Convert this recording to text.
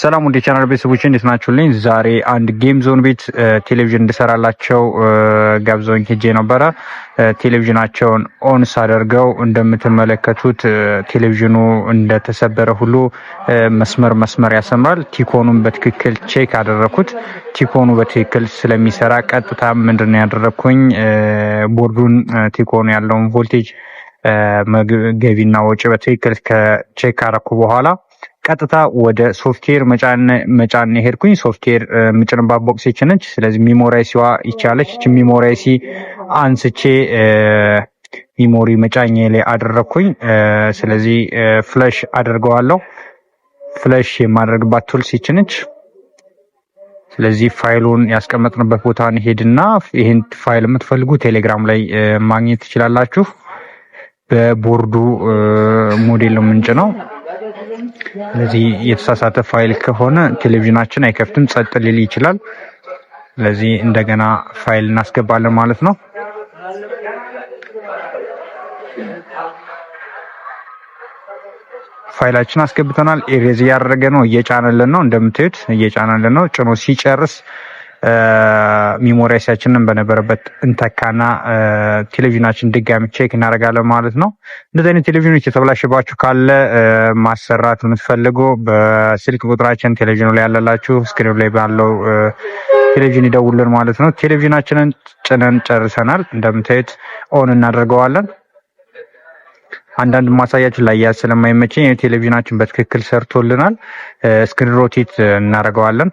ሰላም ወደ ቻናል ቤተሰቦች እንዴት ናችሁልኝ? ዛሬ አንድ ጌም ዞን ቤት ቴሌቪዥን እንድሰራላቸው ጋብዘውኝ ሄጄ ነበረ። ቴሌቪዥናቸውን ኦን ሳደርገው እንደምትመለከቱት ቴሌቪዥኑ እንደተሰበረ ሁሉ መስመር መስመር ያሰምራል። ቲኮኑን በትክክል ቼክ አደረኩት። ቲኮኑ በትክክል ስለሚሰራ ቀጥታ ምንድን ያደረግኩኝ ቦርዱን ቲኮኑ ያለውን ቮልቴጅ ገቢና ወጪ በትክክል ከቼክ አረኩ በኋላ ቀጥታ ወደ ሶፍትዌር መጫን መጫን ሄድኩኝ። ሶፍትዌር የምጭንባት ቦክስ ነች። ስለዚህ ሚሞራይሲዋ ይቻለች። እች ሚሞራይሲ አንስቼ ሚሞሪ መጫኝ ላይ አደረግኩኝ። ስለዚህ ፍለሽ አድርገዋለሁ። ፍለሽ የማደርግባት ቱልስ ነች። ስለዚህ ፋይሉን ያስቀመጥንበት ቦታ ሄድና ይህን ፋይል የምትፈልጉ ቴሌግራም ላይ ማግኘት ትችላላችሁ። በቦርዱ ሞዴል ነው ምንጭ ነው። ስለዚህ የተሳሳተ ፋይል ከሆነ ቴሌቪዥናችን አይከፍትም፣ ጸጥ ሊል ይችላል። ስለዚህ እንደገና ፋይል እናስገባለን ማለት ነው። ፋይላችን አስገብተናል። ኤሬዝ እያደረገ ነው፣ እየጫነልን ነው። እንደምታዩት እየጫነልን ነው። ጭኖ ሲጨርስ ሚሞሪያሲያችንን በነበረበት እንተካና ቴሌቪዥናችን ድጋሚ ቼክ እናደርጋለን ማለት ነው። እንደዚህ አይነት ቴሌቪዥኖች የተበላሽባችሁ ካለ ማሰራት የምትፈልጉ በስልክ ቁጥራችን ቴሌቪዥኑ ላይ ያለላችሁ ስክሪኑ ላይ ባለው ቴሌቪዥን ይደውልን ማለት ነው። ቴሌቪዥናችንን ጭነን ጨርሰናል። እንደምታዩት ኦን እናደርገዋለን። አንዳንድ ማሳያችን ላይ ያ ስለማይመቸኝ ቴሌቪዥናችን በትክክል ሰርቶልናል። ስክሪን ሮቴት እናደርገዋለን።